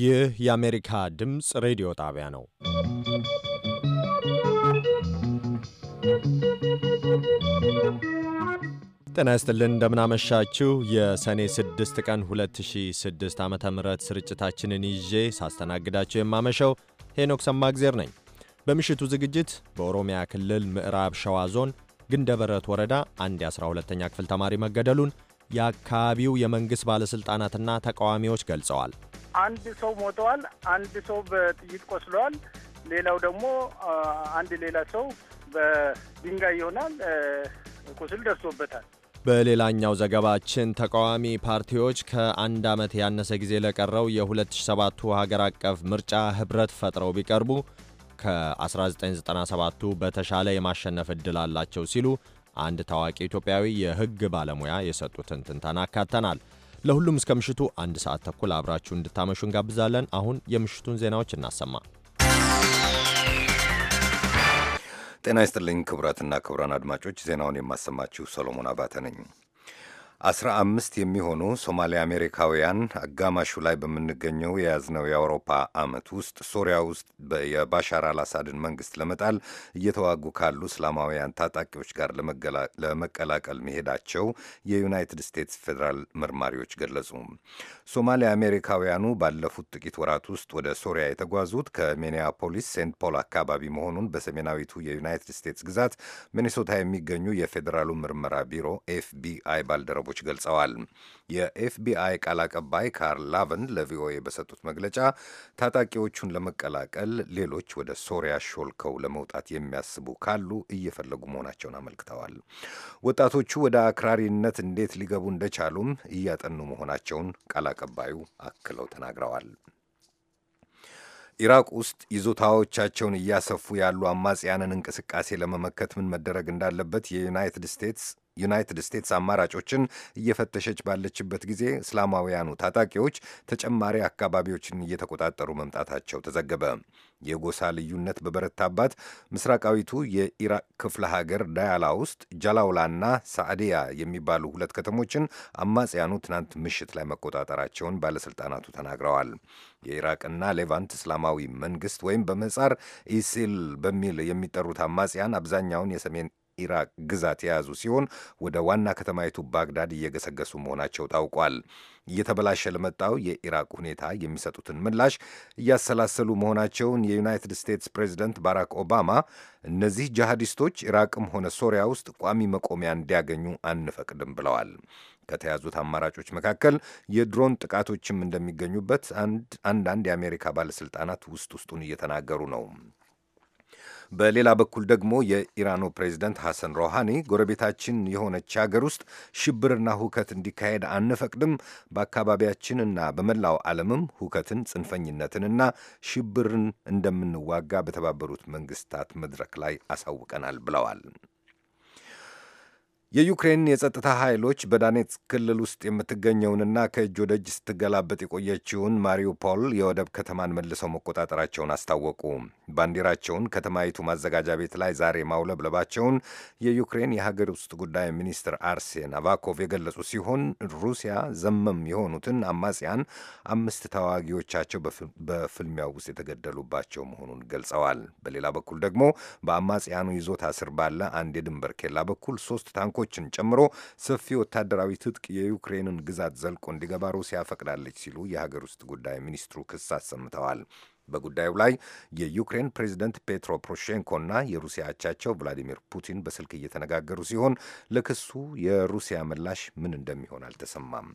ይህ የአሜሪካ ድምፅ ሬዲዮ ጣቢያ ነው። ጤና ይስጥልን፣ እንደምናመሻችሁ። የሰኔ 6 ቀን 2006 ዓ ም ስርጭታችንን ይዤ ሳስተናግዳችሁ የማመሸው ሄኖክ ሰማግዜር ነኝ። በምሽቱ ዝግጅት በኦሮሚያ ክልል ምዕራብ ሸዋ ዞን ግንደበረት ወረዳ አንድ የ12ኛ ክፍል ተማሪ መገደሉን የአካባቢው የመንግሥት ባለሥልጣናትና ተቃዋሚዎች ገልጸዋል። አንድ ሰው ሞተዋል፣ አንድ ሰው በጥይት ቆስለዋል። ሌላው ደግሞ አንድ ሌላ ሰው በድንጋይ ይሆናል ቁስል ደርሶበታል። በሌላኛው ዘገባችን ተቃዋሚ ፓርቲዎች ከአንድ ዓመት ያነሰ ጊዜ ለቀረው የ2007ቱ ሀገር አቀፍ ምርጫ ኅብረት ፈጥረው ቢቀርቡ ከ1997ቱ በተሻለ የማሸነፍ ዕድል አላቸው ሲሉ አንድ ታዋቂ ኢትዮጵያዊ የሕግ ባለሙያ የሰጡትን ትንተና አካተናል። ለሁሉም እስከ ምሽቱ አንድ ሰዓት ተኩል አብራችሁ እንድታመሹ እንጋብዛለን። አሁን የምሽቱን ዜናዎች እናሰማ። ጤና ይስጥልኝ ክቡራትና ክቡራን አድማጮች ዜናውን የማሰማችሁ ሰሎሞን አባተ ነኝ። አስራ አምስት የሚሆኑ ሶማሌ አሜሪካውያን አጋማሹ ላይ በምንገኘው የያዝነው የአውሮፓ ዓመት ውስጥ ሶሪያ ውስጥ የባሻር አልአሳድን መንግስት ለመጣል እየተዋጉ ካሉ እስላማውያን ታጣቂዎች ጋር ለመቀላቀል መሄዳቸው የዩናይትድ ስቴትስ ፌዴራል መርማሪዎች ገለጹ። ሶማሊያ አሜሪካውያኑ ባለፉት ጥቂት ወራት ውስጥ ወደ ሶሪያ የተጓዙት ከሚኒያፖሊስ ሴንት ፖል አካባቢ መሆኑን በሰሜናዊቱ የዩናይትድ ስቴትስ ግዛት ሚኒሶታ የሚገኙ የፌዴራሉ ምርመራ ቢሮ ኤፍቢአይ ባልደረቦች ገልጸዋል። የኤፍቢአይ ቃል አቀባይ ካርል ላቨን ለቪኦኤ በሰጡት መግለጫ ታጣቂዎቹን ለመቀላቀል ሌሎች ወደ ሶሪያ ሾልከው ለመውጣት የሚያስቡ ካሉ እየፈለጉ መሆናቸውን አመልክተዋል። ወጣቶቹ ወደ አክራሪነት እንዴት ሊገቡ እንደቻሉም እያጠኑ መሆናቸውን ቃል አቀባዩ አክለው ተናግረዋል። ኢራቅ ውስጥ ይዞታዎቻቸውን እያሰፉ ያሉ አማጽያንን እንቅስቃሴ ለመመከት ምን መደረግ እንዳለበት የዩናይትድ ስቴትስ ዩናይትድ ስቴትስ አማራጮችን እየፈተሸች ባለችበት ጊዜ እስላማውያኑ ታጣቂዎች ተጨማሪ አካባቢዎችን እየተቆጣጠሩ መምጣታቸው ተዘገበ። የጎሳ ልዩነት በበረታባት ምስራቃዊቱ የኢራቅ ክፍለ ሀገር ዳያላ ውስጥ ጃላውላና ሳዕዲያ የሚባሉ ሁለት ከተሞችን አማጽያኑ ትናንት ምሽት ላይ መቆጣጠራቸውን ባለሥልጣናቱ ተናግረዋል። የኢራቅና ሌቫንት እስላማዊ መንግሥት ወይም በምህጻር ኢሲል በሚል የሚጠሩት አማጽያን አብዛኛውን የሰሜን ኢራቅ ግዛት የያዙ ሲሆን ወደ ዋና ከተማይቱ ባግዳድ እየገሰገሱ መሆናቸው ታውቋል። እየተበላሸ ለመጣው የኢራቅ ሁኔታ የሚሰጡትን ምላሽ እያሰላሰሉ መሆናቸውን የዩናይትድ ስቴትስ ፕሬዚደንት ባራክ ኦባማ እነዚህ ጂሃዲስቶች ኢራቅም ሆነ ሶሪያ ውስጥ ቋሚ መቆሚያ እንዲያገኙ አንፈቅድም ብለዋል። ከተያዙት አማራጮች መካከል የድሮን ጥቃቶችም እንደሚገኙበት አንዳንድ የአሜሪካ ባለሥልጣናት ውስጥ ውስጡን እየተናገሩ ነው። በሌላ በኩል ደግሞ የኢራኑ ፕሬዚደንት ሐሰን ሮሃኒ ጎረቤታችን የሆነች ሀገር ውስጥ ሽብርና ሁከት እንዲካሄድ አንፈቅድም፣ በአካባቢያችንና በመላው ዓለምም ሁከትን፣ ጽንፈኝነትንና ሽብርን እንደምንዋጋ በተባበሩት መንግስታት መድረክ ላይ አሳውቀናል ብለዋል። የዩክሬን የጸጥታ ኃይሎች በዳኔትስክ ክልል ውስጥ የምትገኘውንና ከእጅ ወደ እጅ ስትገላበጥ የቆየችውን ማሪውፖል የወደብ ከተማን መልሰው መቆጣጠራቸውን አስታወቁ። ባንዲራቸውን ከተማይቱ ማዘጋጃ ቤት ላይ ዛሬ ማውለብለባቸውን የዩክሬን የሀገር ውስጥ ጉዳይ ሚኒስትር አርሴን አቫኮቭ የገለጹ ሲሆን ሩሲያ ዘመም የሆኑትን አማጽያን አምስት ተዋጊዎቻቸው በፍልሚያው ውስጥ የተገደሉባቸው መሆኑን ገልጸዋል። በሌላ በኩል ደግሞ በአማጽያኑ ይዞታ ስር ባለ አንድ የድንበር ኬላ በኩል ሶስት ታንኮ ታንኮችን ጨምሮ ሰፊ ወታደራዊ ትጥቅ የዩክሬንን ግዛት ዘልቆ እንዲገባ ሩሲያ ፈቅዳለች ሲሉ የሀገር ውስጥ ጉዳይ ሚኒስትሩ ክስ አሰምተዋል። በጉዳዩ ላይ የዩክሬን ፕሬዚደንት ፔትሮ ፖሮሼንኮና የሩሲያ አቻቸው ቭላዲሚር ፑቲን በስልክ እየተነጋገሩ ሲሆን ለክሱ የሩሲያ ምላሽ ምን እንደሚሆን አልተሰማም።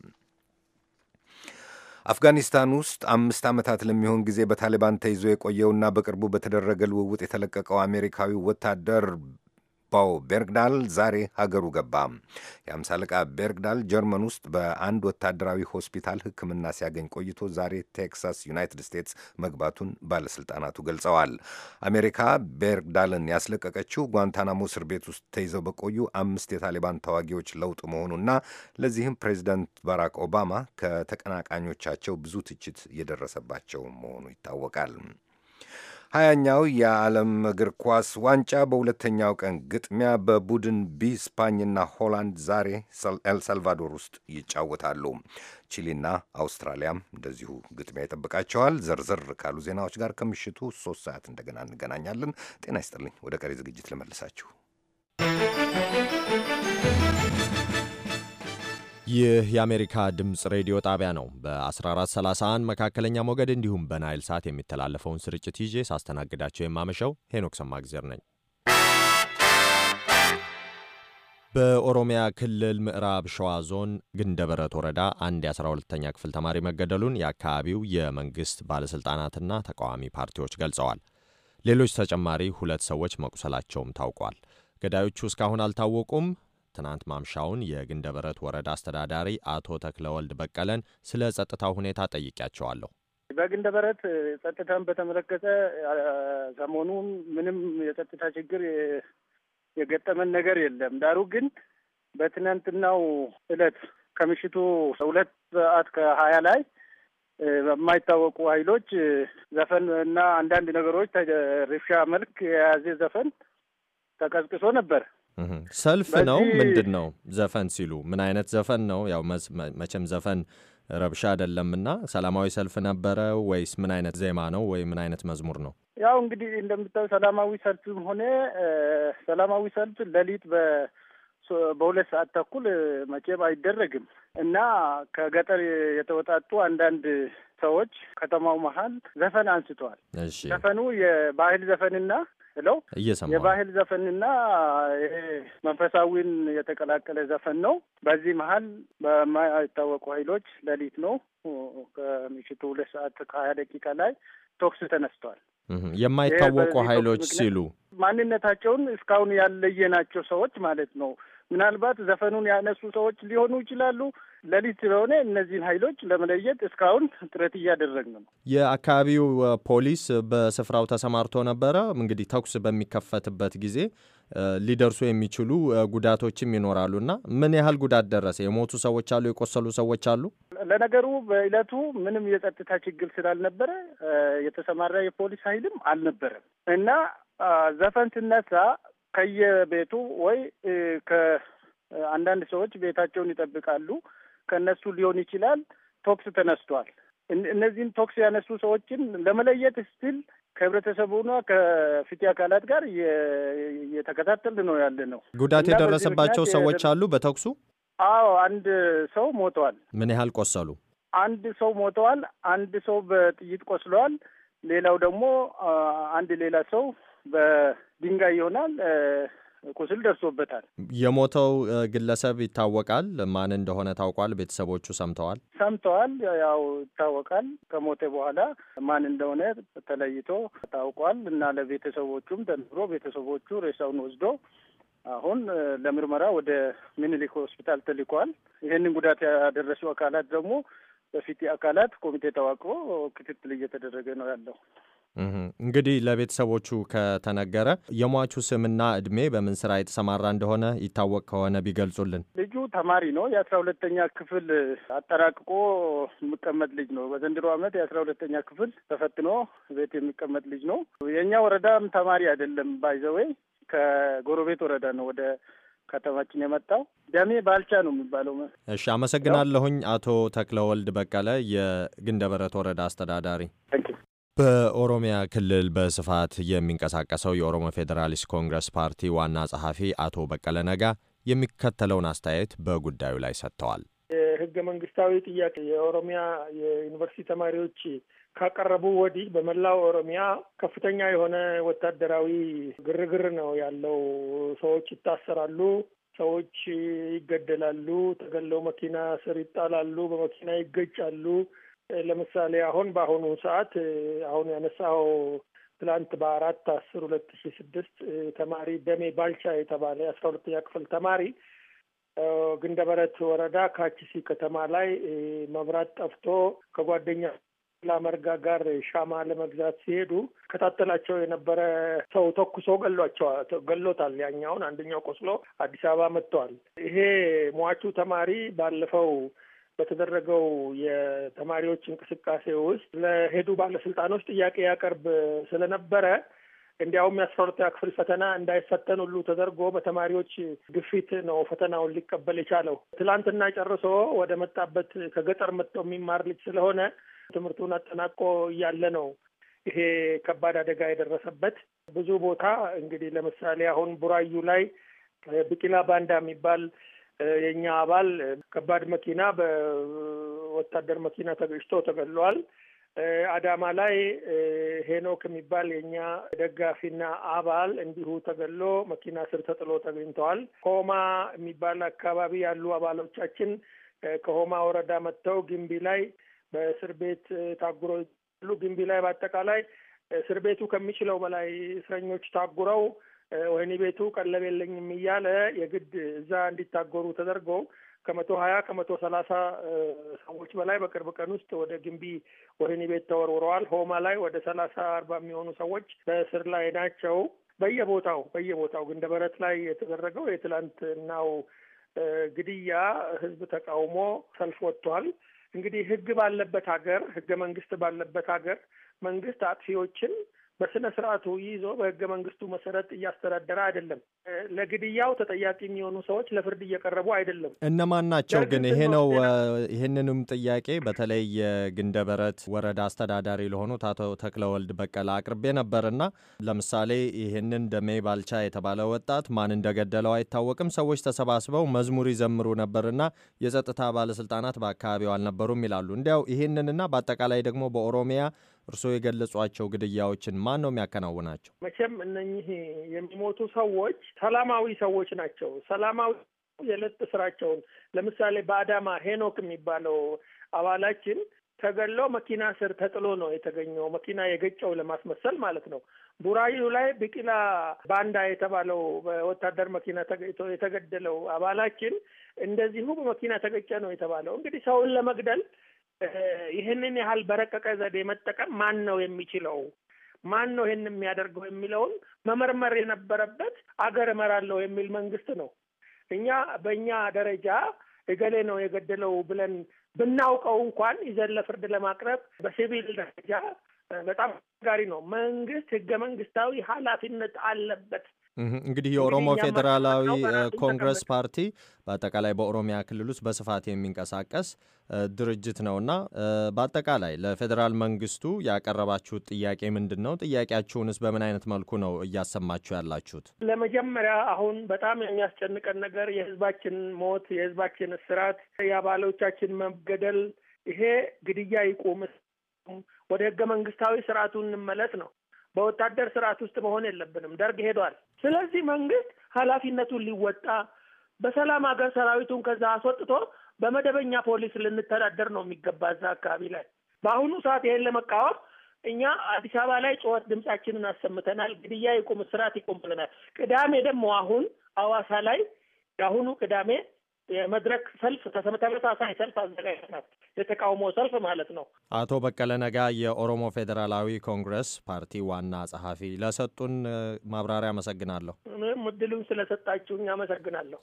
አፍጋኒስታን ውስጥ አምስት ዓመታት ለሚሆን ጊዜ በታሊባን ተይዞ የቆየውና በቅርቡ በተደረገ ልውውጥ የተለቀቀው አሜሪካዊ ወታደር ጌስፓው ቤርግዳል ዛሬ ሀገሩ ገባ። የአምሳ አለቃ ቤርግዳል ጀርመን ውስጥ በአንድ ወታደራዊ ሆስፒታል ሕክምና ሲያገኝ ቆይቶ ዛሬ ቴክሳስ ዩናይትድ ስቴትስ መግባቱን ባለሥልጣናቱ ገልጸዋል። አሜሪካ ቤርግዳልን ያስለቀቀችው ጓንታናሞ እስር ቤት ውስጥ ተይዘው በቆዩ አምስት የታሊባን ተዋጊዎች ለውጥ መሆኑና ለዚህም ፕሬዚደንት ባራክ ኦባማ ከተቀናቃኞቻቸው ብዙ ትችት የደረሰባቸው መሆኑ ይታወቃል። ሀያኛው የዓለም እግር ኳስ ዋንጫ በሁለተኛው ቀን ግጥሚያ በቡድን ቢ ስፓኝና ሆላንድ ዛሬ ኤልሳልቫዶር ውስጥ ይጫወታሉ። ቺሊና አውስትራሊያም እንደዚሁ ግጥሚያ ይጠብቃቸዋል። ዘርዘር ካሉ ዜናዎች ጋር ከምሽቱ ሶስት ሰዓት እንደገና እንገናኛለን። ጤና ይስጥልኝ። ወደ ቀሪ ዝግጅት ልመልሳችሁ። ይህ የአሜሪካ ድምፅ ሬዲዮ ጣቢያ ነው። በ1431 መካከለኛ ሞገድ እንዲሁም በናይል ሳት የሚተላለፈውን ስርጭት ይዤ ሳስተናግዳቸው የማመሸው ሄኖክ ሰማግዜር ነኝ። በኦሮሚያ ክልል ምዕራብ ሸዋ ዞን ግንደበረት ወረዳ አንድ የ12ተኛ ክፍል ተማሪ መገደሉን የአካባቢው የመንግሥት ባለሥልጣናትና ተቃዋሚ ፓርቲዎች ገልጸዋል። ሌሎች ተጨማሪ ሁለት ሰዎች መቁሰላቸውም ታውቋል። ገዳዮቹ እስካሁን አልታወቁም። ትናንት ማምሻውን የግንደበረት ወረዳ አስተዳዳሪ አቶ ተክለወልድ በቀለን ስለ ጸጥታው ሁኔታ ጠይቂያቸዋለሁ። በግንደበረት ጸጥታን በተመለከተ ሰሞኑን ምንም የጸጥታ ችግር የገጠመን ነገር የለም። ዳሩ ግን በትናንትናው እለት ከምሽቱ ሁለት ሰዓት ከሀያ ላይ በማይታወቁ ኃይሎች ዘፈን እና አንዳንድ ነገሮች ረብሻ መልክ የያዘ ዘፈን ተቀዝቅሶ ነበር። ሰልፍ ነው ምንድን ነው? ዘፈን ሲሉ ምን አይነት ዘፈን ነው? ያው መቼም ዘፈን ረብሻ አይደለምና ሰላማዊ ሰልፍ ነበረ ወይስ ምን አይነት ዜማ ነው ወይ ምን አይነት መዝሙር ነው? ያው እንግዲህ እንደምታየው ሰላማዊ ሰልፍም ሆነ ሰላማዊ ሰልፍ ሌሊት በሁለት ሰዓት ተኩል መቼም አይደረግም እና ከገጠር የተወጣጡ አንዳንድ ሰዎች ከተማው መሀል ዘፈን አንስተዋል። ዘፈኑ የባህል ዘፈንና ስለው የባህል ዘፈንና ይሄ መንፈሳዊን የተቀላቀለ ዘፈን ነው። በዚህ መሀል በማይታወቁ ኃይሎች ሌሊት ነው ከምሽቱ ሁለት ሰዓት ከሀያ ደቂቃ ላይ ቶክስ ተነስቷል። የማይታወቁ ኃይሎች ሲሉ ማንነታቸውን እስካሁን ያለየናቸው ሰዎች ማለት ነው። ምናልባት ዘፈኑን ያነሱ ሰዎች ሊሆኑ ይችላሉ። ሌሊት ስለሆነ እነዚህን ኃይሎች ለመለየት እስካሁን ጥረት እያደረግን ነው። የአካባቢው ፖሊስ በስፍራው ተሰማርቶ ነበረ። እንግዲህ ተኩስ በሚከፈትበት ጊዜ ሊደርሱ የሚችሉ ጉዳቶችም ይኖራሉ እና ምን ያህል ጉዳት ደረሰ? የሞቱ ሰዎች አሉ? የቆሰሉ ሰዎች አሉ? ለነገሩ በዕለቱ ምንም የጸጥታ ችግር ስላልነበረ የተሰማራ የፖሊስ ኃይልም አልነበረም እና ዘፈን ስነሳ ከየቤቱ ወይ አንዳንድ ሰዎች ቤታቸውን ይጠብቃሉ። ከእነሱ ሊሆን ይችላል ቶክስ ተነስቷል። እነዚህን ቶክስ ያነሱ ሰዎችን ለመለየት ስትል ከህብረተሰቡና ከፍትህ አካላት ጋር እየተከታተል ነው ያለ ነው። ጉዳት የደረሰባቸው ሰዎች አሉ በተኩሱ? አዎ፣ አንድ ሰው ሞተዋል። ምን ያህል ቆሰሉ? አንድ ሰው ሞተዋል። አንድ ሰው በጥይት ቆስለዋል። ሌላው ደግሞ አንድ ሌላ ሰው በድንጋይ ይሆናል ቁስል ደርሶበታል። የሞተው ግለሰብ ይታወቃል? ማን እንደሆነ ታውቋል? ቤተሰቦቹ ሰምተዋል? ሰምተዋል። ያው ይታወቃል። ከሞተ በኋላ ማን እንደሆነ ተለይቶ ታውቋል እና ለቤተሰቦቹም ተነግሮ ቤተሰቦቹ ሬሳውን ወስዶ አሁን ለምርመራ ወደ ሚኒሊክ ሆስፒታል ተልኳል። ይህንን ጉዳት ያደረሱ አካላት ደግሞ በፊት አካላት ኮሚቴ ተዋቅሮ ክትትል እየተደረገ ነው ያለው። እንግዲህ ለቤተሰቦቹ ከተነገረ የሟቹ ስምና እድሜ በምን ስራ የተሰማራ እንደሆነ ይታወቅ ከሆነ ቢገልጹልን። ልጁ ተማሪ ነው። የአስራ ሁለተኛ ክፍል አጠናቅቆ የሚቀመጥ ልጅ ነው። በዘንድሮ ዓመት የአስራ ሁለተኛ ክፍል ተፈትኖ ቤት የሚቀመጥ ልጅ ነው። የእኛ ወረዳም ተማሪ አይደለም። ባይዘወይ ከጎረቤት ወረዳ ነው ወደ ከተማችን የመጣው ደሜ ባልቻ ነው የሚባለው። እሺ፣ አመሰግናለሁኝ አቶ ተክለወልድ በቀለ የግንደበረት ወረዳ አስተዳዳሪ። በኦሮሚያ ክልል በስፋት የሚንቀሳቀሰው የኦሮሞ ፌዴራሊስት ኮንግረስ ፓርቲ ዋና ጸሐፊ አቶ በቀለ ነጋ የሚከተለውን አስተያየት በጉዳዩ ላይ ሰጥተዋል። የህገ መንግስታዊ ጥያቄ የኦሮሚያ የዩኒቨርሲቲ ተማሪዎች ካቀረቡ ወዲህ በመላው ኦሮሚያ ከፍተኛ የሆነ ወታደራዊ ግርግር ነው ያለው። ሰዎች ይታሰራሉ፣ ሰዎች ይገደላሉ፣ ተገለው መኪና ስር ይጣላሉ፣ በመኪና ይገጫሉ ለምሳሌ አሁን በአሁኑ ሰዓት አሁን ያነሳው ትላንት በአራት አስር ሁለት ሺ ስድስት ተማሪ ደሜ ባልቻ የተባለ አስራ ሁለተኛ ክፍል ተማሪ ግንደበረት ወረዳ ካችሲ ከተማ ላይ መብራት ጠፍቶ ከጓደኛ ላመርጋ ጋር ሻማ ለመግዛት ሲሄዱ ከታተላቸው የነበረ ሰው ተኩሶ ገሏቸዋል ገሎታል። ያኛውን አንደኛው ቆስሎ አዲስ አበባ መጥተዋል። ይሄ ሟቹ ተማሪ ባለፈው በተደረገው የተማሪዎች እንቅስቃሴ ውስጥ ለሄዱ ባለስልጣኖች ጥያቄ ያቀርብ ስለነበረ እንዲያውም የአስራ ሁለተኛ ክፍል ፈተና እንዳይፈተን ሁሉ ተደርጎ በተማሪዎች ግፊት ነው ፈተናውን ሊቀበል የቻለው። ትላንትና ጨርሶ ወደ መጣበት ከገጠር መጥቶ የሚማር ልጅ ስለሆነ ትምህርቱን አጠናቆ እያለ ነው ይሄ ከባድ አደጋ የደረሰበት። ብዙ ቦታ እንግዲህ ለምሳሌ አሁን ቡራዩ ላይ ብቂላ ባንዳ የሚባል የእኛ አባል ከባድ መኪና በወታደር መኪና ተገጭቶ ተገድሏል። አዳማ ላይ ሄኖክ የሚባል የእኛ ደጋፊና አባል እንዲሁ ተገሎ መኪና ስር ተጥሎ ተገኝተዋል። ሆማ የሚባል አካባቢ ያሉ አባሎቻችን ከሆማ ወረዳ መጥተው ግንቢ ላይ በእስር ቤት ሉ ግንቢ ላይ በአጠቃላይ እስር ቤቱ ከሚችለው በላይ እስረኞች ታጉረው ወህኒ ቤቱ ቀለብ የለኝም እያለ የግድ እዛ እንዲታጎሩ ተደርጎ ከመቶ ሀያ ከመቶ ሰላሳ ሰዎች በላይ በቅርብ ቀን ውስጥ ወደ ግንቢ ወህኒ ቤት ተወርውረዋል። ሆማ ላይ ወደ ሰላሳ አርባ የሚሆኑ ሰዎች በእስር ላይ ናቸው። በየቦታው በየቦታው ደበረት ላይ የተደረገው የትላንትናው ግድያ ህዝብ ተቃውሞ ሰልፍ ወጥቷል። እንግዲህ ህግ ባለበት ሀገር፣ ህገ መንግስት ባለበት ሀገር መንግስት አጥፊዎችን በስነ ስርዓቱ ይዞ በህገ መንግስቱ መሰረት እያስተዳደረ አይደለም። ለግድያው ተጠያቂ የሚሆኑ ሰዎች ለፍርድ እየቀረቡ አይደለም። እነማን ናቸው ግን? ይሄ ነው ይህንንም ጥያቄ በተለይ የግንደበረት ወረዳ አስተዳዳሪ ለሆኑት አቶ ተክለወልድ በቀለ አቅርቤ ነበርና ለምሳሌ ይህንን ደሜ ባልቻ የተባለ ወጣት ማን እንደገደለው አይታወቅም። ሰዎች ተሰባስበው መዝሙር ይዘምሩ ነበርና የጸጥታ ባለስልጣናት በአካባቢው አልነበሩም ይላሉ። እንዲያው ይህንንና በአጠቃላይ ደግሞ በኦሮሚያ እርስዎ የገለጿቸው ግድያዎችን ማን ነው የሚያከናውናቸው? መቼም እነኚህ የሚሞቱ ሰዎች ሰላማዊ ሰዎች ናቸው። ሰላማዊ የዕለት ስራቸውን ለምሳሌ በአዳማ ሄኖክ የሚባለው አባላችን ተገሎ መኪና ስር ተጥሎ ነው የተገኘው። መኪና የገጨው ለማስመሰል ማለት ነው። ቡራዩ ላይ ቢቂላ ባንዳ የተባለው በወታደር መኪና ተገጭቶ የተገደለው አባላችን እንደዚሁ በመኪና ተገጨ ነው የተባለው። እንግዲህ ሰውን ለመግደል ይህንን ያህል በረቀቀ ዘዴ መጠቀም ማን ነው የሚችለው? ማን ነው ይህን የሚያደርገው የሚለውን መመርመር የነበረበት አገር እመራለሁ የሚል መንግስት ነው። እኛ በእኛ ደረጃ እገሌ ነው የገደለው ብለን ብናውቀው እንኳን ይዘን ለፍርድ ለማቅረብ በሲቪል ደረጃ በጣም ጋሪ ነው። መንግስት ህገ መንግስታዊ ኃላፊነት አለበት። እንግዲህ የኦሮሞ ፌዴራላዊ ኮንግረስ ፓርቲ በአጠቃላይ በኦሮሚያ ክልል ውስጥ በስፋት የሚንቀሳቀስ ድርጅት ነውና በአጠቃላይ ለፌዴራል መንግስቱ ያቀረባችሁት ጥያቄ ምንድን ነው? ጥያቄያችሁንስ በምን አይነት መልኩ ነው እያሰማችሁ ያላችሁት? ለመጀመሪያ አሁን በጣም የሚያስጨንቀን ነገር የህዝባችን ሞት፣ የህዝባችን እስራት፣ የአባሎቻችን መገደል፣ ይሄ ግድያ ይቁም፣ ወደ ህገ መንግስታዊ ስርዓቱ እንመለስ ነው። በወታደር ስርዓት ውስጥ መሆን የለብንም። ደርግ ሄዷል። ስለዚህ መንግስት ኃላፊነቱን ሊወጣ በሰላም ሀገር ሰራዊቱን ከዛ አስወጥቶ በመደበኛ ፖሊስ ልንተዳደር ነው የሚገባ እዛ አካባቢ ላይ። በአሁኑ ሰዓት ይሄን ለመቃወም እኛ አዲስ አበባ ላይ ጩኸት ድምጻችንን አሰምተናል። ግድያ ይቁም፣ እስራት ይቁም ብለናል። ቅዳሜ ደግሞ አሁን አዋሳ ላይ የአሁኑ ቅዳሜ የመድረክ ሰልፍ ተመሳሳይ ሰልፍ አዘጋጅተናል። የተቃውሞ ሰልፍ ማለት ነው። አቶ በቀለ ነጋ የኦሮሞ ፌዴራላዊ ኮንግረስ ፓርቲ ዋና ጸሐፊ፣ ለሰጡን ማብራሪያ አመሰግናለሁ። እድሉን ስለሰጣችሁኝ አመሰግናለሁ።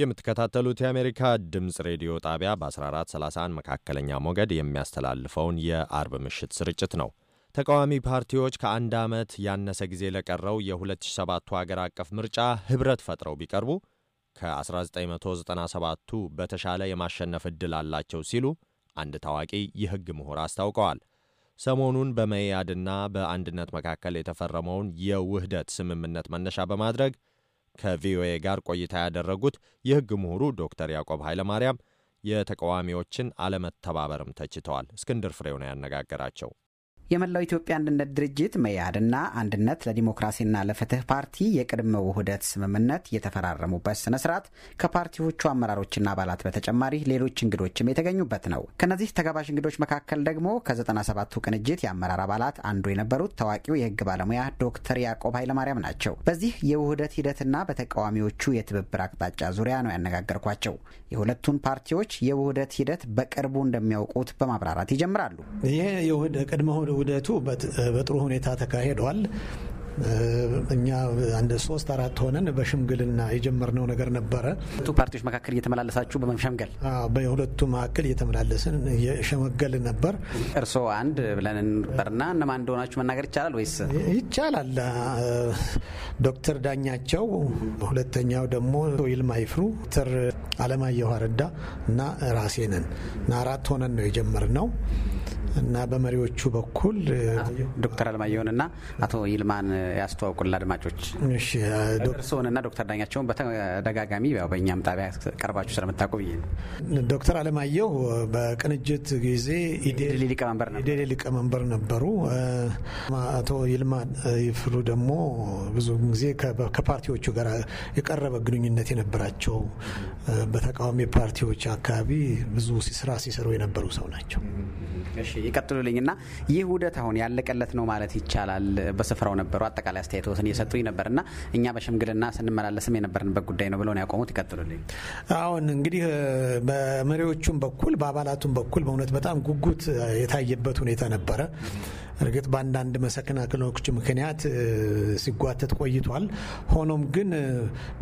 የምትከታተሉት የአሜሪካ ድምፅ ሬዲዮ ጣቢያ በ1431 መካከለኛ ሞገድ የሚያስተላልፈውን የአርብ ምሽት ስርጭት ነው። ተቃዋሚ ፓርቲዎች ከአንድ ዓመት ያነሰ ጊዜ ለቀረው የ2007ቱ ሀገር አቀፍ ምርጫ ኅብረት ፈጥረው ቢቀርቡ ከ1997ቱ በተሻለ የማሸነፍ ዕድል አላቸው ሲሉ አንድ ታዋቂ የሕግ ምሁር አስታውቀዋል። ሰሞኑን በመያድና በአንድነት መካከል የተፈረመውን የውህደት ስምምነት መነሻ በማድረግ ከቪኦኤ ጋር ቆይታ ያደረጉት የሕግ ምሁሩ ዶክተር ያዕቆብ ኃይለማርያም የተቃዋሚዎችን አለመተባበርም ተችተዋል። እስክንድር ፍሬው ነው ያነጋገራቸው። የመላው ኢትዮጵያ አንድነት ድርጅት መያድና አንድነት ለዲሞክራሲና ለፍትህ ፓርቲ የቅድመ ውህደት ስምምነት የተፈራረሙበት ስነ ስርዓት ከፓርቲዎቹ አመራሮችና አባላት በተጨማሪ ሌሎች እንግዶችም የተገኙበት ነው። ከነዚህ ተጋባዥ እንግዶች መካከል ደግሞ ከ 97 ቅንጅት የአመራር አባላት አንዱ የነበሩት ታዋቂው የህግ ባለሙያ ዶክተር ያዕቆብ ኃይለማርያም ናቸው። በዚህ የውህደት ሂደትና በተቃዋሚዎቹ የትብብር አቅጣጫ ዙሪያ ነው ያነጋገርኳቸው። የሁለቱን ፓርቲዎች የውህደት ሂደት በቅርቡ እንደሚያውቁት በማብራራት ይጀምራሉ። ይሄ ቅድመ ዑደቱ በጥሩ ሁኔታ ተካሂዷል። እኛ አንድ ሶስት አራት ሆነን በሽምግልና የጀመርነው ነገር ነበረ። ሁለቱ ፓርቲዎች መካከል እየተመላለሳችሁ በመሸምገል በሁለቱ መካከል እየተመላለስን የሸመገል ነበር። እርስዎ አንድ ብለን ነበርና እነማን እንደሆናችሁ መናገር ይቻላል ወይስ? ይቻላል። ዶክተር ዳኛቸው፣ ሁለተኛው ደግሞ ይልማ ይፍሩ፣ ዶክተር አለማየሁ አረዳ እና ራሴ ነን እና አራት ሆነን ነው የጀመርነው። እና በመሪዎቹ በኩል ዶክተር አለማየሁን እና አቶ ይልማን ያስተዋውቁልን አድማጮች እርስዎን እና ዶክተር ዳኛቸውን በተደጋጋሚ በእኛም ጣቢያ ቀርባችሁ ስለምታውቁ ብዬ ዶክተር አለማየሁ በቅንጅት ጊዜ ኢዴሊ ሊቀመንበር ነበሩ። አቶ ይልማን ይፍሩ ደግሞ ብዙ ጊዜ ከፓርቲዎቹ ጋር የቀረበ ግንኙነት የነበራቸው በተቃዋሚ ፓርቲዎች አካባቢ ብዙ ስራ ሲሰሩ የነበሩ ሰው ናቸው። እሺ ይቀጥሉልኝና ይህ ውህደት አሁን ያለቀለት ነው ማለት ይቻላል። በስፍራው ነበሩ አጠቃላይ አስተያየቶትን እየሰጡኝ ነበርና እኛ በሽምግልና ስንመላለስም የነበርንበት ጉዳይ ነው ብለውን ያቆሙት። ይቀጥሉልኝ። አሁን እንግዲህ በመሪዎቹም በኩል በአባላቱም በኩል በእውነት በጣም ጉጉት የታየበት ሁኔታ ነበረ። እርግጥ በአንዳንድ መሰናክሎች ምክንያት ሲጓተት ቆይቷል። ሆኖም ግን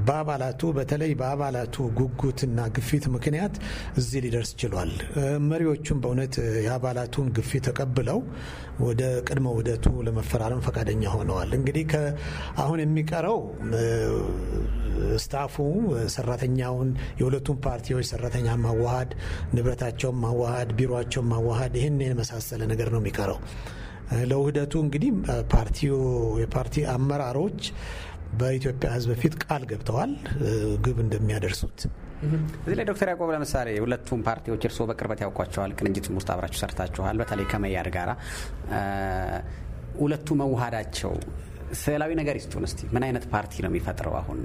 በአባላቱ በተለይ በአባላቱ ጉጉትና ግፊት ምክንያት እዚህ ሊደርስ ችሏል። መሪዎቹም በእውነት የአባላቱን ግፊት ተቀብለው ወደ ቅድመ ውህደቱ ለመፈራረም ፈቃደኛ ሆነዋል። እንግዲህ አሁን የሚቀረው ስታፉ ሰራተኛውን የሁለቱም ፓርቲዎች ሰራተኛ ማዋሃድ፣ ንብረታቸውን ማዋሃድ፣ ቢሮቸውን ማዋሃድ ይህን የመሳሰለ ነገር ነው የሚቀረው። ለውህደቱ እንግዲህ ፓርቲው የፓርቲ አመራሮች በኢትዮጵያ ሕዝብ ፊት ቃል ገብተዋል ግብ እንደሚያደርሱት። እዚህ ላይ ዶክተር ያቆብ ለምሳሌ ሁለቱም ፓርቲዎች እርስዎ በቅርበት ያውቋቸዋል፣ ቅንጅትም ውስጥ አብራችሁ ሰርታችኋል። በተለይ ከመያድ ጋራ ሁለቱ መዋሃዳቸው ስዕላዊ ነገር ይስጡን እስቲ። ምን አይነት ፓርቲ ነው የሚፈጥረው አሁን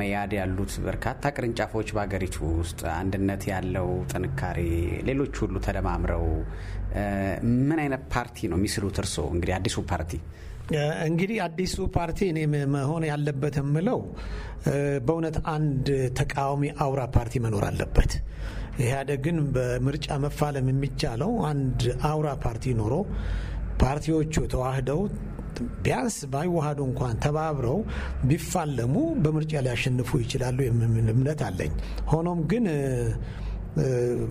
መያድ ያሉት በርካታ ቅርንጫፎች በሀገሪቱ ውስጥ አንድነት ያለው ጥንካሬ፣ ሌሎች ሁሉ ተደማምረው ምን አይነት ፓርቲ ነው የሚስሉት? እርስዎ እንግዲህ አዲሱ ፓርቲ እንግዲህ አዲሱ ፓርቲ እኔ መሆን ያለበት የምለው በእውነት አንድ ተቃዋሚ አውራ ፓርቲ መኖር አለበት። ኢህአዴግ ግን በምርጫ መፋለም የሚቻለው አንድ አውራ ፓርቲ ኖሮ ፓርቲዎቹ ተዋህደው ቢያንስ ባይዋሃዱ እንኳን ተባብረው ቢፋለሙ በምርጫ ሊያሸንፉ ይችላሉ የሚል እምነት አለኝ። ሆኖም ግን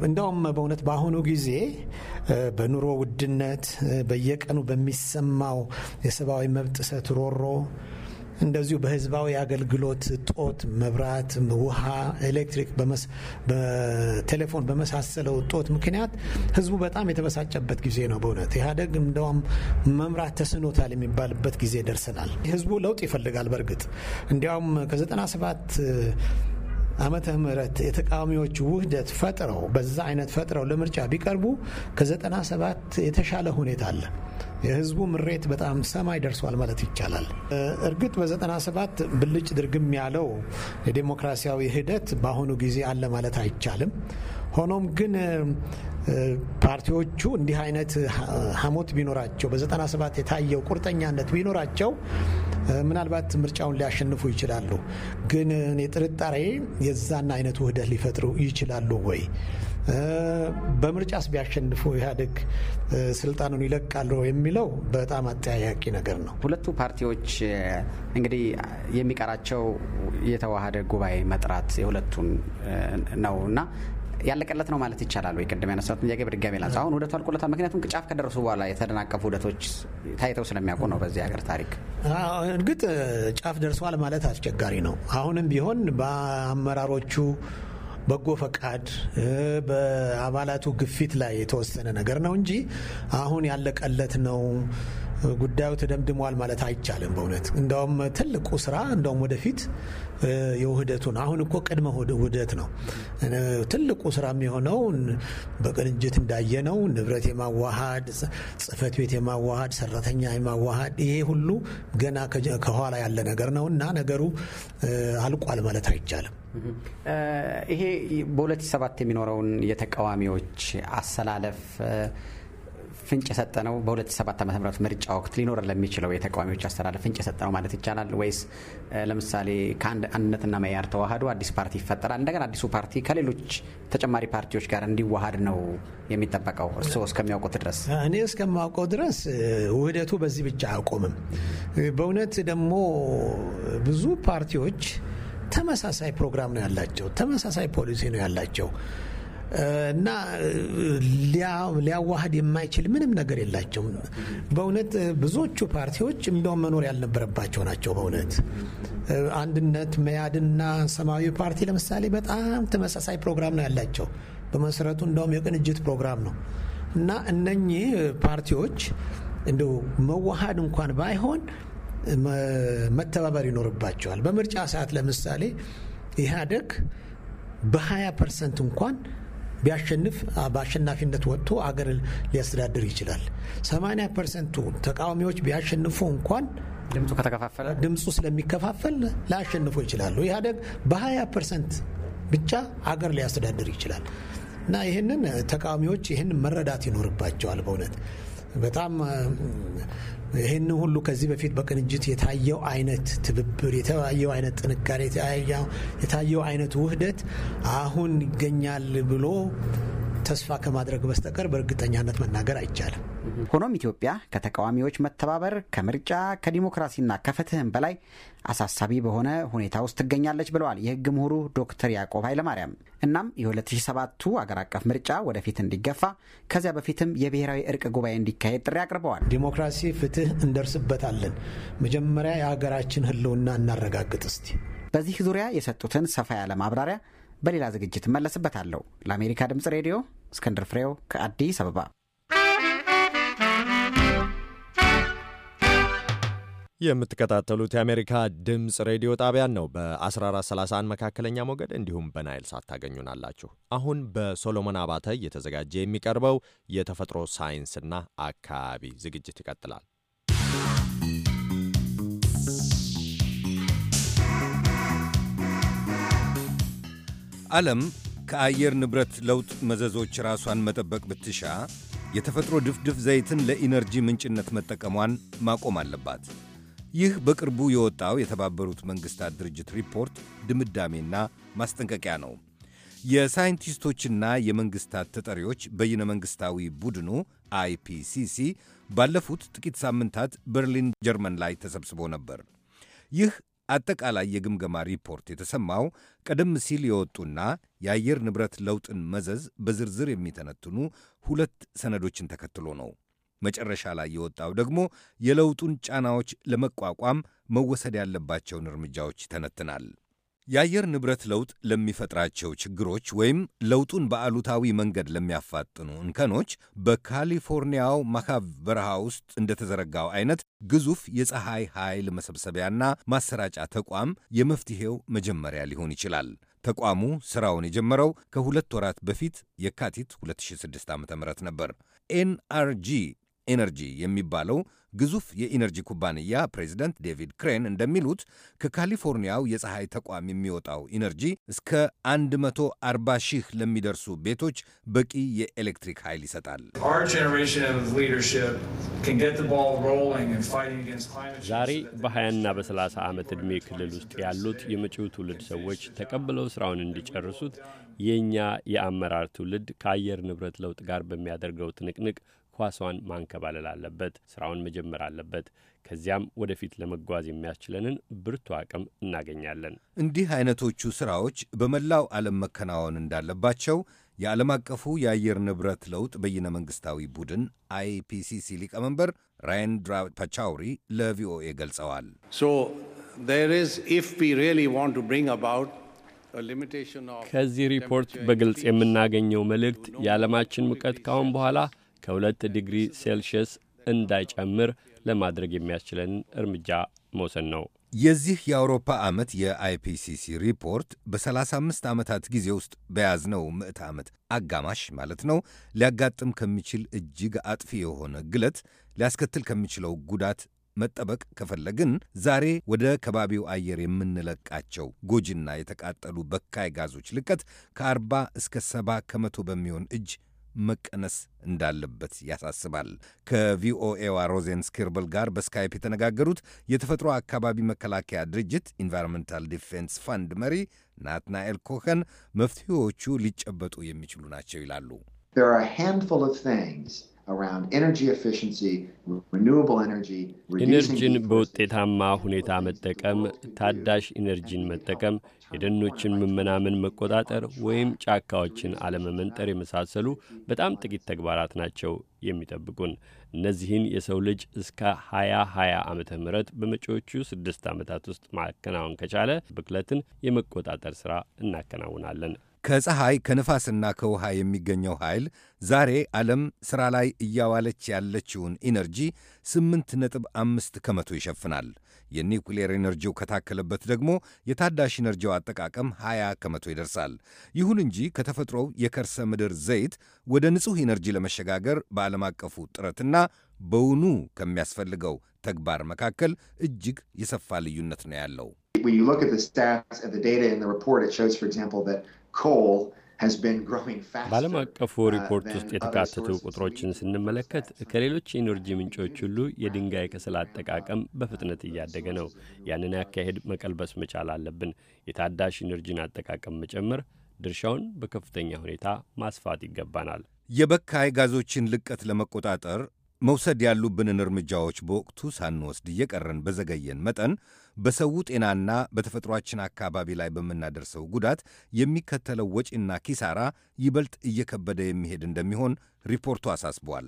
እንደውም በእውነት በአሁኑ ጊዜ በኑሮ ውድነት በየቀኑ በሚሰማው የሰብአዊ መብት ጥሰት ሮሮ እንደዚሁ በህዝባዊ አገልግሎት ጦት መብራት፣ ውሃ፣ ኤሌክትሪክ፣ በቴሌፎን በመሳሰለው ጦት ምክንያት ህዝቡ በጣም የተበሳጨበት ጊዜ ነው። በእውነት ኢህአዴግ እንደውም መምራት ተስኖታል የሚባልበት ጊዜ ደርሰናል። ህዝቡ ለውጥ ይፈልጋል። በእርግጥ እንዲያውም ከ97 ዓመተ ምህረት የተቃዋሚዎች ውህደት ፈጥረው በዛ አይነት ፈጥረው ለምርጫ ቢቀርቡ ከ97 የተሻለ ሁኔታ አለ። የህዝቡ ምሬት በጣም ሰማይ ደርሷል ማለት ይቻላል። እርግጥ በ97 ብልጭ ድርግም ያለው የዴሞክራሲያዊ ሂደት በአሁኑ ጊዜ አለ ማለት አይቻልም። ሆኖም ግን ፓርቲዎቹ እንዲህ አይነት ሀሞት ቢኖራቸው በ97 የታየው ቁርጠኛነት ቢኖራቸው ምናልባት ምርጫውን ሊያሸንፉ ይችላሉ። ግን እኔ ጥርጣሬ የዛን አይነት ውህደት ሊፈጥሩ ይችላሉ ወይ? በምርጫስ ቢያሸንፉ ኢህአዴግ ስልጣኑን ይለቃሉ የሚለው በጣም አጠያያቂ ነገር ነው። ሁለቱ ፓርቲዎች እንግዲህ የሚቀራቸው የተዋሃደ ጉባኤ መጥራት የሁለቱን ነው እና ያለቀለት ነው ማለት ይቻላል ወይ? ቅድም ያነሳሁትን ጥያቄ በድጋሚ ላንሳ። አሁን ውደቱ አልቆለታል። ምክንያቱም ጫፍ ከደረሱ በኋላ የተደናቀፉ ውደቶች ታይተው ስለሚያውቁ ነው በዚህ ሀገር ታሪክ። እርግጥ ጫፍ ደርሰዋል ማለት አስቸጋሪ ነው። አሁንም ቢሆን በአመራሮቹ በጎ ፈቃድ በአባላቱ ግፊት ላይ የተወሰነ ነገር ነው እንጂ አሁን ያለቀለት ነው ጉዳዩ ተደምድሟል ማለት አይቻልም። በእውነት እንደውም ትልቁ ስራ እንደውም ወደፊት የውህደቱን አሁን እኮ ቅድመ ውህደት ነው ትልቁ ስራ የሚሆነው በቅንጅት እንዳየነው ንብረት የማዋሃድ ጽህፈት ቤት የማዋሃድ ሰራተኛ የማዋሃድ ይሄ ሁሉ ገና ከኋላ ያለ ነገር ነው እና ነገሩ አልቋል ማለት አይቻልም። ይሄ በሁለት ሺህ ሰባት የሚኖረውን የተቃዋሚዎች አሰላለፍ ፍንጭ የሰጠ ነው በ2007 ዓ ም ምርጫ ወቅት ሊኖር ለሚችለው የተቃዋሚዎች አስተላለፍ ፍንጭ የሰጠ ነው ማለት ይቻላል ወይስ ለምሳሌ ከአንድነትና መያር ተዋህዶ አዲስ ፓርቲ ይፈጠራል እንደገና አዲሱ ፓርቲ ከሌሎች ተጨማሪ ፓርቲዎች ጋር እንዲዋሃድ ነው የሚጠበቀው እርስዎ እስከሚያውቁት ድረስ እኔ እስከማውቀው ድረስ ውህደቱ በዚህ ብቻ አያቆምም በእውነት ደግሞ ብዙ ፓርቲዎች ተመሳሳይ ፕሮግራም ነው ያላቸው ተመሳሳይ ፖሊሲ ነው ያላቸው እና ሊያዋህድ የማይችል ምንም ነገር የላቸውም። በእውነት ብዙዎቹ ፓርቲዎች እንደውም መኖር ያልነበረባቸው ናቸው። በእውነት አንድነት፣ መያድና ሰማያዊ ፓርቲ ለምሳሌ በጣም ተመሳሳይ ፕሮግራም ነው ያላቸው። በመሰረቱ እንደውም የቅንጅት ፕሮግራም ነው እና እነኚህ ፓርቲዎች እንደው መዋሃድ እንኳን ባይሆን መተባበር ይኖርባቸዋል። በምርጫ ሰዓት ለምሳሌ ኢህአደግ በ20 ፐርሰንት እንኳን ቢያሸንፍ በአሸናፊነት ወጥቶ አገር ሊያስተዳድር ይችላል። 80 ፐርሰንቱ ተቃዋሚዎች ቢያሸንፉ እንኳን ድምፁ ከተከፋፈለ ድምፁ ስለሚከፋፈል ላያሸንፉ ይችላሉ። ኢህአዴግ በ20 ፐርሰንት ብቻ አገር ሊያስተዳድር ይችላል እና ይህንን ተቃዋሚዎች ይህን መረዳት ይኖርባቸዋል። በእውነት በጣም ይህን ሁሉ ከዚህ በፊት በቅንጅት የታየው አይነት ትብብር፣ የታየው አይነት ጥንካሬ፣ የታየው አይነት ውህደት አሁን ይገኛል ብሎ ተስፋ ከማድረግ በስተቀር በእርግጠኛነት መናገር አይቻልም። ሆኖም ኢትዮጵያ ከተቃዋሚዎች መተባበር ከምርጫ ከዲሞክራሲና ከፍትህም በላይ አሳሳቢ በሆነ ሁኔታ ውስጥ ትገኛለች ብለዋል የህግ ምሁሩ ዶክተር ያዕቆብ ኃይለማርያም። እናም የ2007ቱ አገር አቀፍ ምርጫ ወደፊት እንዲገፋ ከዚያ በፊትም የብሔራዊ እርቅ ጉባኤ እንዲካሄድ ጥሪ አቅርበዋል። ዲሞክራሲ፣ ፍትህ እንደርስበታለን። መጀመሪያ የሀገራችን ህልውና እናረጋግጥ እስቲ። በዚህ ዙሪያ የሰጡትን ሰፋ ያለ ማብራሪያ በሌላ ዝግጅት እመለስበታለሁ። ለአሜሪካ ድምፅ ሬዲዮ እስክንድር ፍሬው ከአዲስ አበባ የምትከታተሉት የአሜሪካ ድምፅ ሬዲዮ ጣቢያን ነው። በ1431 መካከለኛ ሞገድ እንዲሁም በናይል ሳት ታገኙናላችሁ። አሁን በሶሎሞን አባተ እየተዘጋጀ የሚቀርበው የተፈጥሮ ሳይንስና አካባቢ ዝግጅት ይቀጥላል። ዓለም ከአየር ንብረት ለውጥ መዘዞች ራሷን መጠበቅ ብትሻ የተፈጥሮ ድፍድፍ ዘይትን ለኢነርጂ ምንጭነት መጠቀሟን ማቆም አለባት። ይህ በቅርቡ የወጣው የተባበሩት መንግሥታት ድርጅት ሪፖርት ድምዳሜና ማስጠንቀቂያ ነው። የሳይንቲስቶችና የመንግሥታት ተጠሪዎች በይነ መንግሥታዊ ቡድኑ አይፒሲሲ ባለፉት ጥቂት ሳምንታት በርሊን ጀርመን ላይ ተሰብስቦ ነበር። ይህ አጠቃላይ የግምገማ ሪፖርት የተሰማው ቀደም ሲል የወጡና የአየር ንብረት ለውጥን መዘዝ በዝርዝር የሚተነትኑ ሁለት ሰነዶችን ተከትሎ ነው። መጨረሻ ላይ የወጣው ደግሞ የለውጡን ጫናዎች ለመቋቋም መወሰድ ያለባቸውን እርምጃዎች ይተነትናል። የአየር ንብረት ለውጥ ለሚፈጥራቸው ችግሮች ወይም ለውጡን በአሉታዊ መንገድ ለሚያፋጥኑ እንከኖች በካሊፎርኒያው ማካቭ በረሃ ውስጥ እንደተዘረጋው አይነት ግዙፍ የፀሐይ ኃይል መሰብሰቢያና ማሰራጫ ተቋም የመፍትሔው መጀመሪያ ሊሆን ይችላል። ተቋሙ ሥራውን የጀመረው ከሁለት ወራት በፊት የካቲት 2006 ዓ.ም ነበር። ኤንአርጂ ኤነርጂ የሚባለው ግዙፍ የኢነርጂ ኩባንያ ፕሬዚደንት ዴቪድ ክሬን እንደሚሉት ከካሊፎርኒያው የፀሐይ ተቋም የሚወጣው ኢነርጂ እስከ 140 ሺህ ለሚደርሱ ቤቶች በቂ የኤሌክትሪክ ኃይል ይሰጣል። ዛሬ በ20ና በ30 ዓመት ዕድሜ ክልል ውስጥ ያሉት የመጪው ትውልድ ሰዎች ተቀብለው ሥራውን እንዲጨርሱት የእኛ የአመራር ትውልድ ከአየር ንብረት ለውጥ ጋር በሚያደርገው ትንቅንቅ ኳሷን ማንከባለል አለበት፣ ስራውን መጀመር አለበት። ከዚያም ወደፊት ለመጓዝ የሚያስችለንን ብርቱ አቅም እናገኛለን። እንዲህ አይነቶቹ ስራዎች በመላው ዓለም መከናወን እንዳለባቸው የዓለም አቀፉ የአየር ንብረት ለውጥ በይነ መንግሥታዊ ቡድን አይፒሲሲ ሊቀመንበር ራይንድራ ፓቻውሪ ለቪኦኤ ገልጸዋል። ከዚህ ሪፖርት በግልጽ የምናገኘው መልእክት የዓለማችን ሙቀት ካሁን በኋላ ከሁለት ዲግሪ ሴልሽየስ እንዳይጨምር ለማድረግ የሚያስችለን እርምጃ መውሰድ ነው። የዚህ የአውሮፓ ዓመት የአይፒሲሲ ሪፖርት በ35 ዓመታት ጊዜ ውስጥ በያዝነው ምዕተ ዓመት አጋማሽ ማለት ነው ሊያጋጥም ከሚችል እጅግ አጥፊ የሆነ ግለት ሊያስከትል ከሚችለው ጉዳት መጠበቅ ከፈለግን ዛሬ ወደ ከባቢው አየር የምንለቃቸው ጎጂና የተቃጠሉ በካይ ጋዞች ልቀት ከ40 እስከ 70 ከመቶ በሚሆን እጅ መቀነስ እንዳለበት ያሳስባል። ከቪኦኤዋ ሮዜን ስኪርብል ጋር በስካይፕ የተነጋገሩት የተፈጥሮ አካባቢ መከላከያ ድርጅት ኢንቫይሮንሜንታል ዲፌንስ ፋንድ መሪ ናትናኤል ኮኸን መፍትሄዎቹ ሊጨበጡ የሚችሉ ናቸው ይላሉ። There are a handful of things around energy efficiency, renewable energy, ኢነርጂን በውጤታማ ሁኔታ መጠቀም፣ ታዳሽ ኢነርጂን መጠቀም፣ የደኖችን መመናመን መቆጣጠር ወይም ጫካዎችን አለመመንጠር የመሳሰሉ በጣም ጥቂት ተግባራት ናቸው የሚጠብቁን። እነዚህን የሰው ልጅ እስከ 2020 ዓመተ ምህረት በመጪዎቹ ስድስት ዓመታት ውስጥ ማከናወን ከቻለ ብክለትን የመቆጣጠር ሥራ እናከናውናለን። ከፀሐይ ከንፋስና ከውሃ የሚገኘው ኃይል ዛሬ ዓለም ሥራ ላይ እያዋለች ያለችውን ኢነርጂ 8.5 ከመቶ ይሸፍናል። የኒውክሌር ኢነርጂው ከታከለበት ደግሞ የታዳሽ ኢነርጂው አጠቃቀም 20 ከመቶ ይደርሳል። ይሁን እንጂ ከተፈጥሮው የከርሰ ምድር ዘይት ወደ ንጹሕ ኢነርጂ ለመሸጋገር በዓለም አቀፉ ጥረትና በውኑ ከሚያስፈልገው ተግባር መካከል እጅግ የሰፋ ልዩነት ነው ያለው። በዓለም አቀፉ uh, ሪፖርት ውስጥ የተካተቱ ቁጥሮችን ስንመለከት ከሌሎች የኢነርጂ ምንጮች ሁሉ የድንጋይ ከሰል አጠቃቀም በፍጥነት እያደገ ነው። ያንን ያካሄድ መቀልበስ መቻል አለብን። የታዳሽ ኢነርጂን አጠቃቀም መጨመር፣ ድርሻውን በከፍተኛ ሁኔታ ማስፋት ይገባናል። የበካይ ጋዞችን ልቀት ለመቆጣጠር መውሰድ ያሉብንን እርምጃዎች በወቅቱ ሳንወስድ እየቀረን በዘገየን መጠን በሰው ጤናና በተፈጥሯችን አካባቢ ላይ በምናደርሰው ጉዳት የሚከተለው ወጪና ኪሳራ ይበልጥ እየከበደ የሚሄድ እንደሚሆን ሪፖርቱ አሳስቧል።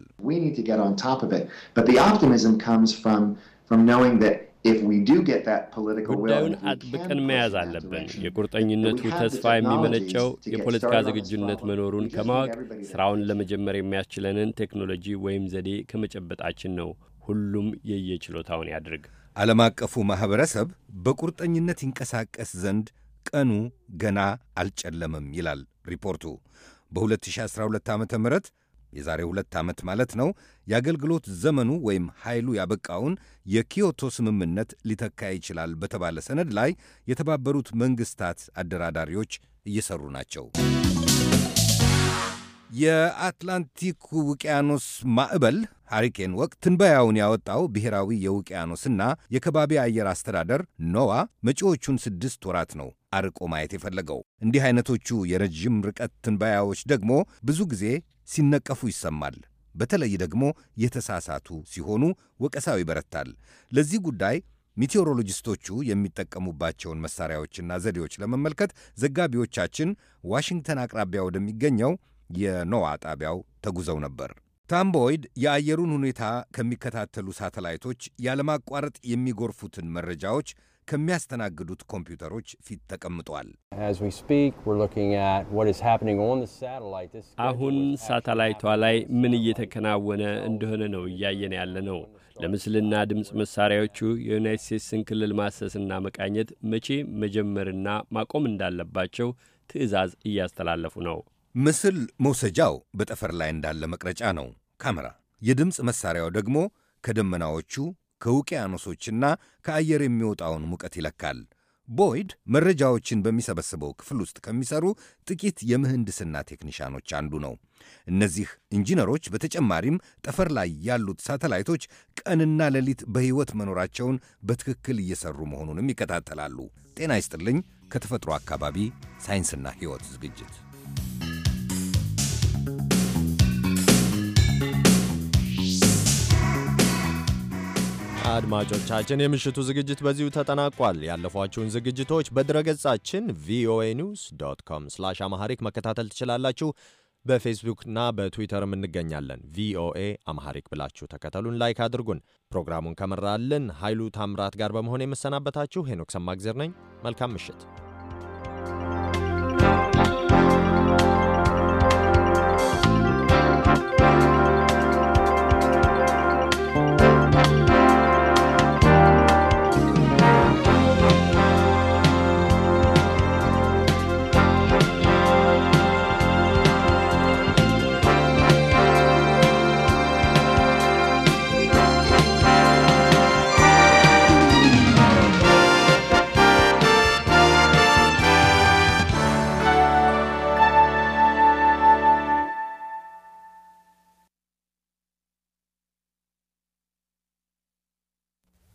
ጉዳዩን አጥብቀን መያዝ አለብን። የቁርጠኝነቱ ተስፋ የሚመነጨው የፖለቲካ ዝግጁነት መኖሩን ከማወቅ ስራውን ለመጀመር የሚያስችለንን ቴክኖሎጂ ወይም ዘዴ ከመጨበጣችን ነው። ሁሉም የየችሎታውን ያድርግ። ዓለም አቀፉ ማኅበረሰብ በቁርጠኝነት ይንቀሳቀስ ዘንድ ቀኑ ገና አልጨለምም ይላል ሪፖርቱ። በ2012 ዓ ም የዛሬ ሁለት ዓመት ማለት ነው። የአገልግሎት ዘመኑ ወይም ኃይሉ ያበቃውን የኪዮቶ ስምምነት ሊተካ ይችላል በተባለ ሰነድ ላይ የተባበሩት መንግሥታት አደራዳሪዎች እየሰሩ ናቸው። የአትላንቲክ ውቅያኖስ ማዕበል ሃሪኬን ወቅት ትንበያውን ያወጣው ብሔራዊ የውቅያኖስና የከባቢ አየር አስተዳደር ኖዋ መጪዎቹን ስድስት ወራት ነው አርቆ ማየት የፈለገው። እንዲህ አይነቶቹ የረዥም ርቀት ትንበያዎች ደግሞ ብዙ ጊዜ ሲነቀፉ ይሰማል። በተለይ ደግሞ የተሳሳቱ ሲሆኑ ወቀሳው ይበረታል። ለዚህ ጉዳይ ሚቴዎሮሎጂስቶቹ የሚጠቀሙባቸውን መሳሪያዎችና ዘዴዎች ለመመልከት ዘጋቢዎቻችን ዋሽንግተን አቅራቢያ ወደሚገኘው የኖዋ ጣቢያው ተጉዘው ነበር። ታምቦይድ የአየሩን ሁኔታ ከሚከታተሉ ሳተላይቶች ያለማቋረጥ የሚጎርፉትን መረጃዎች ከሚያስተናግዱት ኮምፒውተሮች ፊት ተቀምጧል። አሁን ሳተላይቷ ላይ ምን እየተከናወነ እንደሆነ ነው እያየን ያለ ነው። ለምስልና ድምፅ መሳሪያዎቹ የዩናይት ስቴትስን ክልል ማሰስና መቃኘት፣ መቼ መጀመርና ማቆም እንዳለባቸው ትዕዛዝ እያስተላለፉ ነው። ምስል መውሰጃው በጠፈር ላይ እንዳለ መቅረጫ ነው ካሜራ። የድምፅ መሳሪያው ደግሞ ከደመናዎቹ ከውቅያኖሶችና ከአየር የሚወጣውን ሙቀት ይለካል። ቦይድ መረጃዎችን በሚሰበስበው ክፍል ውስጥ ከሚሰሩ ጥቂት የምህንድስና ቴክኒሻኖች አንዱ ነው። እነዚህ ኢንጂነሮች በተጨማሪም ጠፈር ላይ ያሉት ሳተላይቶች ቀንና ሌሊት በሕይወት መኖራቸውን በትክክል እየሰሩ መሆኑንም ይከታተላሉ። ጤና ይስጥልኝ። ከተፈጥሮ አካባቢ ሳይንስና ሕይወት ዝግጅት አድማጮቻችን የምሽቱ ዝግጅት በዚሁ ተጠናቋል። ያለፏችሁን ዝግጅቶች በድረገጻችን ቪኦኤ ኒውስ ዶት ኮም ስላሽ አማሐሪክ መከታተል ትችላላችሁ። በፌስቡክና በትዊተርም እንገኛለን። ቪኦኤ አማሐሪክ ብላችሁ ተከተሉን፣ ላይክ አድርጉን። ፕሮግራሙን ከመራልን ኃይሉ ታምራት ጋር በመሆን የመሰናበታችሁ ሄኖክ ሰማግዜር ነኝ። መልካም ምሽት።